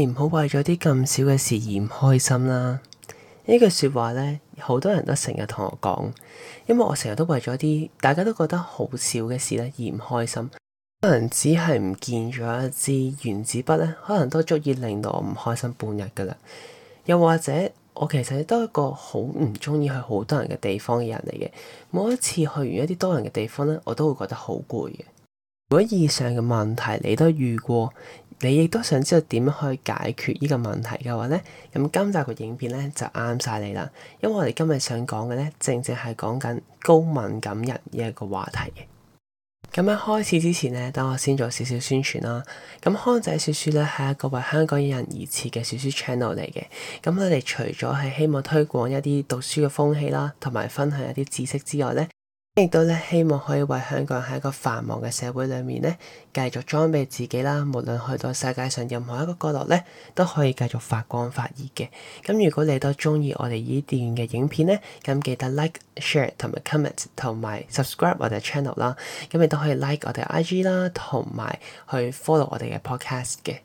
你唔好為咗啲咁少嘅事而唔開心啦！呢句說話咧，好多人都成日同我講，因為我成日都為咗啲大家都覺得好少嘅事咧而唔開心。可能只係唔見咗一支原子筆咧，可能都足以令到我唔開心半日噶啦。又或者，我其實都係一個好唔中意去好多人嘅地方嘅人嚟嘅。每一次去完一啲多人嘅地方咧，我都會覺得好攰嘅。如果以上嘅問題你都遇過。你亦都想知道點樣去解決呢個問題嘅話咧，咁今集嘅影片咧就啱晒你啦，因為我哋今日想講嘅咧，正正係講緊高敏感人呢一個話題嘅。咁喺開始之前咧，等我先做少少宣傳啦。咁康仔說書咧係一個為香港人而設嘅說書 channel 嚟嘅。咁我哋除咗係希望推廣一啲讀書嘅風氣啦，同埋分享一啲知識之外咧，亦都咧希望可以為香港喺一個繁忙嘅社會裏面咧繼續裝備自己啦，無論去到世界上任何一個角落咧，都可以繼續發光發熱嘅。咁如果你都中意我哋依啲電影嘅影片咧，咁、嗯、記得 like share 同埋 comment 同埋 subscribe 我哋 channel 啦。咁你都可以 like 我哋嘅 IG 啦，同埋去 follow 我哋嘅 podcast 嘅。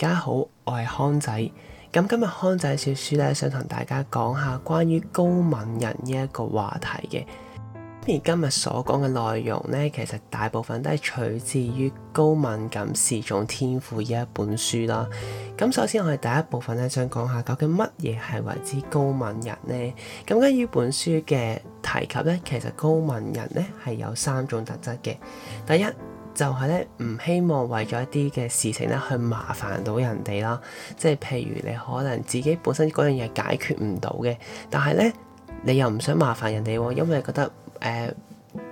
大家好，我係康仔。咁今日康仔小書咧，想同大家講下關於高敏人呢一個話題嘅。而今日所講嘅內容呢，其實大部分都係取自於《高敏感是種天賦》呢一本書啦。咁首先我係第一部分咧，想講下究竟乜嘢係為之高敏人呢。咁根據本書嘅提及呢，其實高敏人呢係有三種特質嘅。第一就係咧，唔希望為咗一啲嘅事情咧，去麻煩到人哋啦。即係譬如你可能自己本身嗰樣嘢解決唔到嘅，但係咧，你又唔想麻煩人哋、啊、喎，因為覺得誒、呃、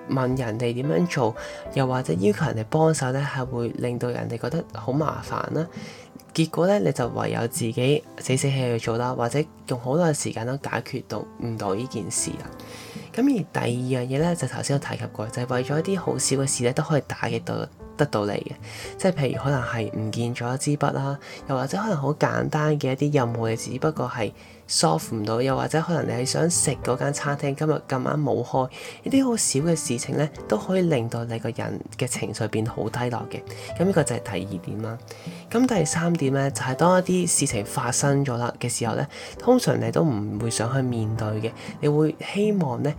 問人哋點樣做，又或者要求人哋幫手咧，係會令到人哋覺得好麻煩啦。結果咧，你就唯有自己死死氣去做啦，或者用好多時間都解決到唔到呢件事啊。咁而第二樣嘢咧，就頭先我提及過，就係為咗一啲好少嘅事咧，都可以打擊到得到你嘅，即係譬如可能係唔見咗一支筆啦，又或者可能好簡單嘅一啲任務嘢，只不過係 soft 唔到，又或者可能你係想食嗰間餐廳，今日咁啱冇開，呢啲好少嘅事情咧，都可以令到你個人嘅情緒變好低落嘅。咁呢個就係第二點啦。咁第三點咧，就係當一啲事情發生咗啦嘅時候咧，通常你都唔會想去面對嘅，你會希望咧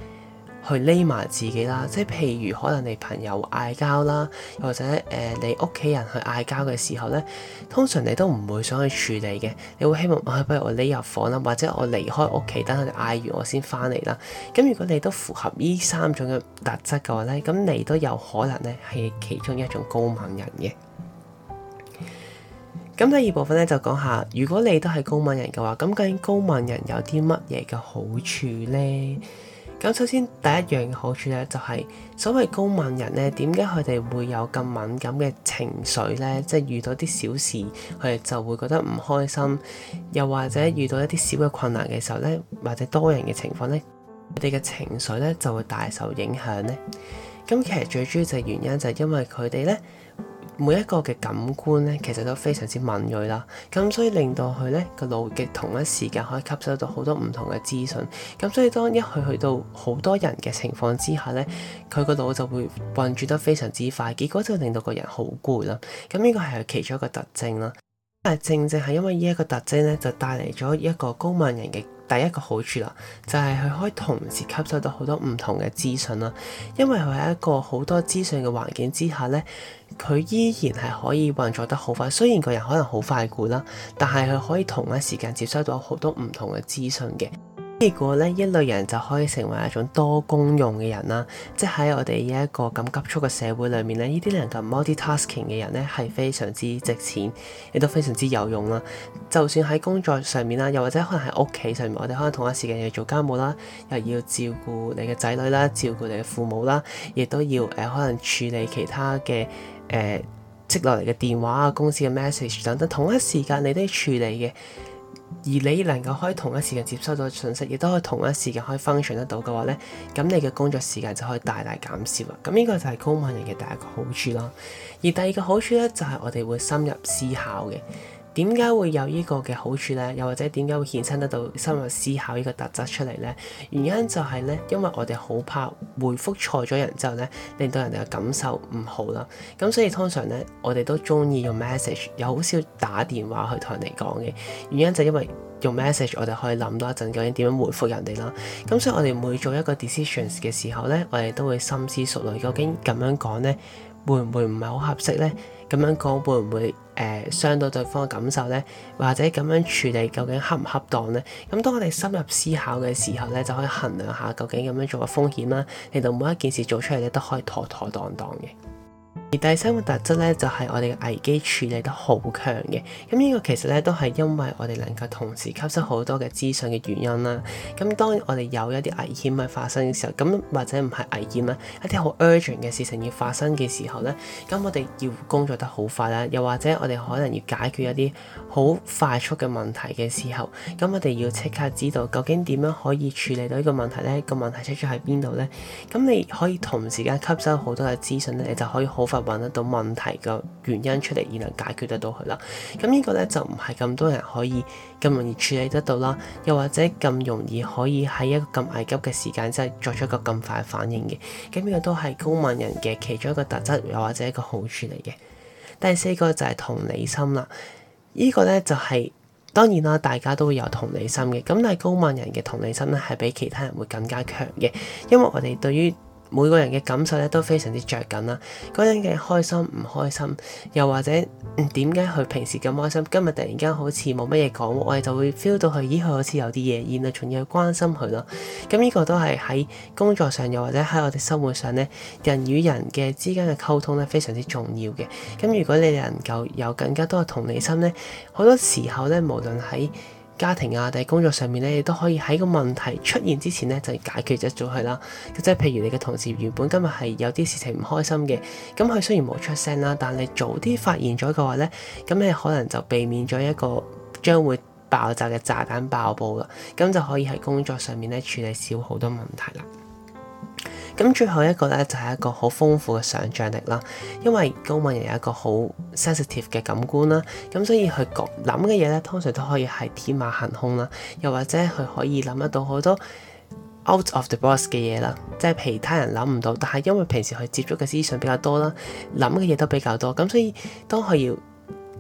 去匿埋自己啦。即係譬如可能你朋友嗌交啦，或者誒、呃、你屋企人去嗌交嘅時候咧，通常你都唔會想去處理嘅，你會希望、啊、不如我匿入房啦，或者我離開屋企，等佢嗌完我先翻嚟啦。咁如果你都符合呢三種嘅特質嘅話咧，咁你都有可能咧係其中一種高敏人嘅。咁第二部分咧就講下，如果你都係高敏人嘅話，咁究竟高敏人有啲乜嘢嘅好處呢？咁首先第一樣好處咧，就係所謂高敏人咧，點解佢哋會有咁敏感嘅情緒呢？即係遇到啲小事，佢哋就會覺得唔開心，又或者遇到一啲小嘅困難嘅時候呢，或者多人嘅情況呢，佢哋嘅情緒呢就會大受影響呢。咁其實最主要就係原因就係因為佢哋呢。每一個嘅感官呢，其實都非常之敏鋭啦，咁所以令到佢呢個腦嘅同一時間可以吸收到好多唔同嘅資訊，咁所以當一去去到好多人嘅情況之下呢，佢個腦就會運轉得非常之快，結果就令到個人好攰啦。咁呢個係佢其中一個特徵啦，但正正係因為呢一個特徵呢，就帶嚟咗一個高敏感人嘅。第一個好處啦，就係佢可以同時吸收到好多唔同嘅資訊啦，因為佢喺一個好多資訊嘅環境之下呢，佢依然係可以運作得好快。雖然個人可能好快攰啦，但係佢可以同一時間接收到好多唔同嘅資訊嘅。結果呢，一類人就可以成為一種多功用嘅人啦。即係喺我哋呢一個咁急促嘅社會裏面咧，呢啲能夠 multi-tasking 嘅人呢係非常之值錢，亦都非常之有用啦。就算喺工作上面啦，又或者可能喺屋企上面，我哋可能同一時間要做家務啦，又要照顧你嘅仔女啦，照顧你嘅父母啦，亦都要誒、呃、可能處理其他嘅誒積落嚟嘅電話啊、公司嘅 message 等等，同一時間你都要處理嘅。而你能夠可以同一時間接收到信息，亦都可以同一時間可以 function 得到嘅話咧，咁你嘅工作時間就可以大大減少啦。咁呢個就係高敏人嘅第一個好處啦。而第二個好處咧，就係、是、我哋會深入思考嘅。點解會有呢個嘅好處呢？又或者點解會衍生得到深入思考呢個特質出嚟呢？原因就係呢，因為我哋好怕回覆錯咗人之後呢，令到人哋嘅感受唔好啦。咁所以通常呢，我哋都中意用 message，又好少打電話去同人哋講嘅。原因就因為用 message，我哋可以諗多一陣究竟點樣回覆人哋啦。咁所以我哋每做一個 decisions 嘅時候呢，我哋都會深思熟慮，究竟咁樣講呢，會唔會唔係好合適呢？咁樣講會唔會誒、呃、傷到對方嘅感受呢？或者咁樣處理究竟恰唔恰當呢？咁當我哋深入思考嘅時候咧，就可以衡量下究竟咁樣做嘅風險啦。令到每一件事做出嚟咧，都可以妥妥當當嘅。而第三個特質咧，就係我哋嘅危機處理得好強嘅。咁呢個其實咧都係因為我哋能夠同時吸收好多嘅資訊嘅原因啦。咁當我哋有一啲危險喺發生嘅時候，咁或者唔係危險啦，一啲好 urgent 嘅事情要發生嘅時候咧，咁我哋要工作得好快啦。又或者我哋可能要解決一啲好快速嘅問題嘅時候，咁我哋要即刻知道究竟點樣可以處理到呢個問題咧？個問題出咗喺邊度咧？咁你可以同時間吸收好多嘅資訊咧，你就可以好法揾得到問題嘅原因出嚟，而能解決得到佢啦。咁呢個咧就唔係咁多人可以咁容易處理得到啦，又或者咁容易可以喺一個咁危急嘅時間真係作出一個咁快反應嘅。咁呢個都係高敏人嘅其中一個特質，又或者一個好處嚟嘅。第四個就係同理心啦。這個、呢個咧就係、是、當然啦，大家都會有同理心嘅。咁但係高敏人嘅同理心咧係比其他人會更加強嘅，因為我哋對於每個人嘅感受咧都非常之着緊啦，嗰陣嘅開心唔開心，又或者點解佢平時咁開心，今日突然間好似冇乜嘢講，我哋就會 feel 到佢，咦，佢好似有啲嘢，然後仲要去關心佢咯。咁呢個都係喺工作上，又或者喺我哋生活上呢，人與人嘅之間嘅溝通咧非常之重要嘅。咁如果你哋能夠有更加多嘅同理心呢，好多時候呢，無論喺家庭啊，定係工作上面咧，你都可以喺個問題出現之前咧，就解決咗咗佢啦。即係譬如你嘅同事原本今日係有啲事情唔開心嘅，咁佢雖然冇出聲啦，但你早啲發現咗嘅話咧，咁你可能就避免咗一個將會爆炸嘅炸彈爆煲啦。咁就可以喺工作上面咧處理少好多問題啦。咁最後一個咧就係一個好豐富嘅想像力啦，因為高敏人有一個好 sensitive 嘅感官啦，咁所以佢講諗嘅嘢咧通常都可以係天馬行空啦，又或者佢可以諗得到好多 out of the box 嘅嘢啦，即係其他人諗唔到。但係因為平時佢接觸嘅思想比較多啦，諗嘅嘢都比較多，咁所以當佢要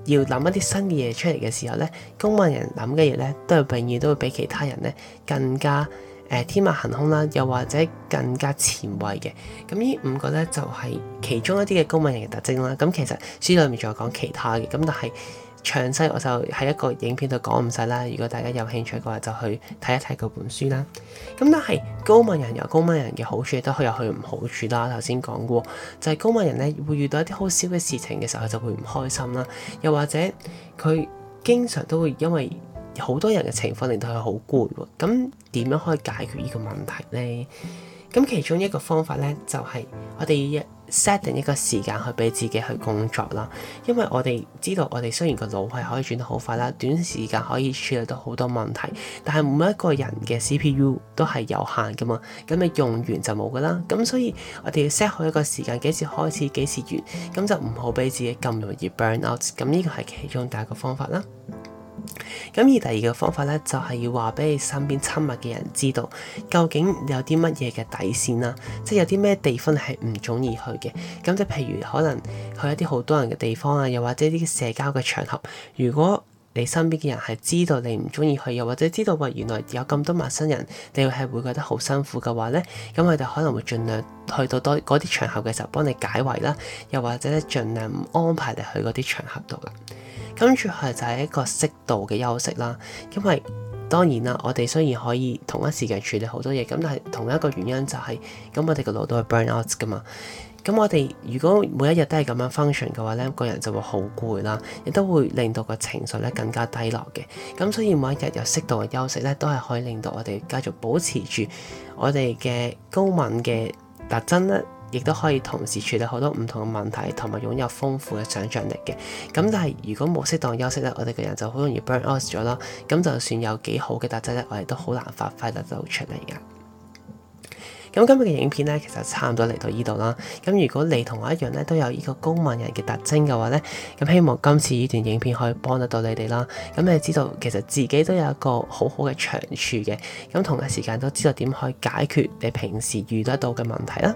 要諗一啲新嘅嘢出嚟嘅時候咧，高敏人諗嘅嘢咧都係永遠都會比其他人咧更加誒、呃、天馬行空啦，又或者更加前衛嘅，咁呢五個咧就係、是、其中一啲嘅高敏人嘅特徵啦。咁其實書裡面仲有講其他嘅，咁但係詳細我就喺一個影片度講唔晒啦。如果大家有興趣嘅話，就去睇一睇嗰本書啦。咁但係高敏人有高敏人嘅好處，亦都可以有佢唔好處啦。頭先講過，就係、是、高敏人咧會遇到一啲好少嘅事情嘅時候就會唔開心啦，又或者佢經常都會因為。好多人嘅情況令到佢好攰喎，咁點樣可以解決呢個問題呢？咁其中一個方法呢，就係我哋 set 定一個時間去俾自己去工作啦，因為我哋知道我哋雖然個腦係可以轉得好快啦，短時間可以處理到好多問題，但係每一個人嘅 CPU 都係有限噶嘛，咁你用完就冇噶啦，咁所以我哋要 set 好一個時間，幾時開始，幾時完，咁就唔好俾自己咁容易 burn out，咁呢個係其中第一個方法啦。咁而第二個方法咧，就係要話俾你身邊親密嘅人知道，究竟有啲乜嘢嘅底綫啦，即係有啲咩地方係唔中意去嘅。咁即係譬如可能去一啲好多人嘅地方啊，又或者啲社交嘅場合，如果你身邊嘅人係知道你唔中意去，又或者知道話原來有咁多陌生人，你會係會覺得好辛苦嘅話咧，咁佢哋可能會盡量去到多嗰啲場合嘅時候幫你解圍啦，又或者咧盡量唔安排你去嗰啲場合度啦。跟住係就係一個適度嘅休息啦，因為當然啦，我哋雖然可以同一時間處理好多嘢，咁但係同一個原因就係、是，咁我哋嘅腦都係 burn out 噶嘛。咁我哋如果每一日都係咁樣 function 嘅話咧，個人就會好攰啦，亦都會令到個情緒咧更加低落嘅。咁所以每一日有適度嘅休息咧，都係可以令到我哋繼續保持住我哋嘅高敏嘅特徵咧。亦都可以同時處理好多唔同嘅問題，同埋擁有豐富嘅想像力嘅。咁但係如果冇適當休息咧，我哋個人就好容易 burn out 咗咯。咁就算有幾好嘅特質咧，我哋都好難發揮得到出嚟㗎。咁今日嘅影片呢，其實差唔多嚟到呢度啦。咁如果你同我一樣呢，都有呢個高敏人嘅特徵嘅話呢，咁希望今次呢段影片可以幫得到你哋啦。咁你知道其實自己都有一個好好嘅長處嘅。咁同一時間都知道點可以解決你平時遇到到嘅問題啦。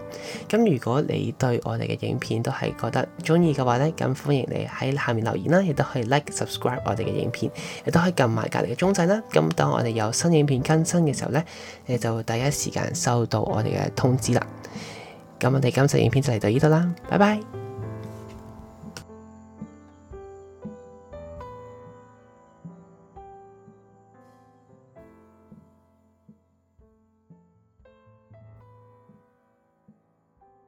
咁如果你對我哋嘅影片都係覺得中意嘅話呢，咁歡迎你喺下面留言啦，亦都可以 like subscribe 我哋嘅影片，亦都可以撳埋隔離嘅鐘仔啦。咁當我哋有新影片更新嘅時候呢，你就會第一時間收到我哋。嘅通知啦，咁我哋今集影片就嚟到呢度啦，拜拜。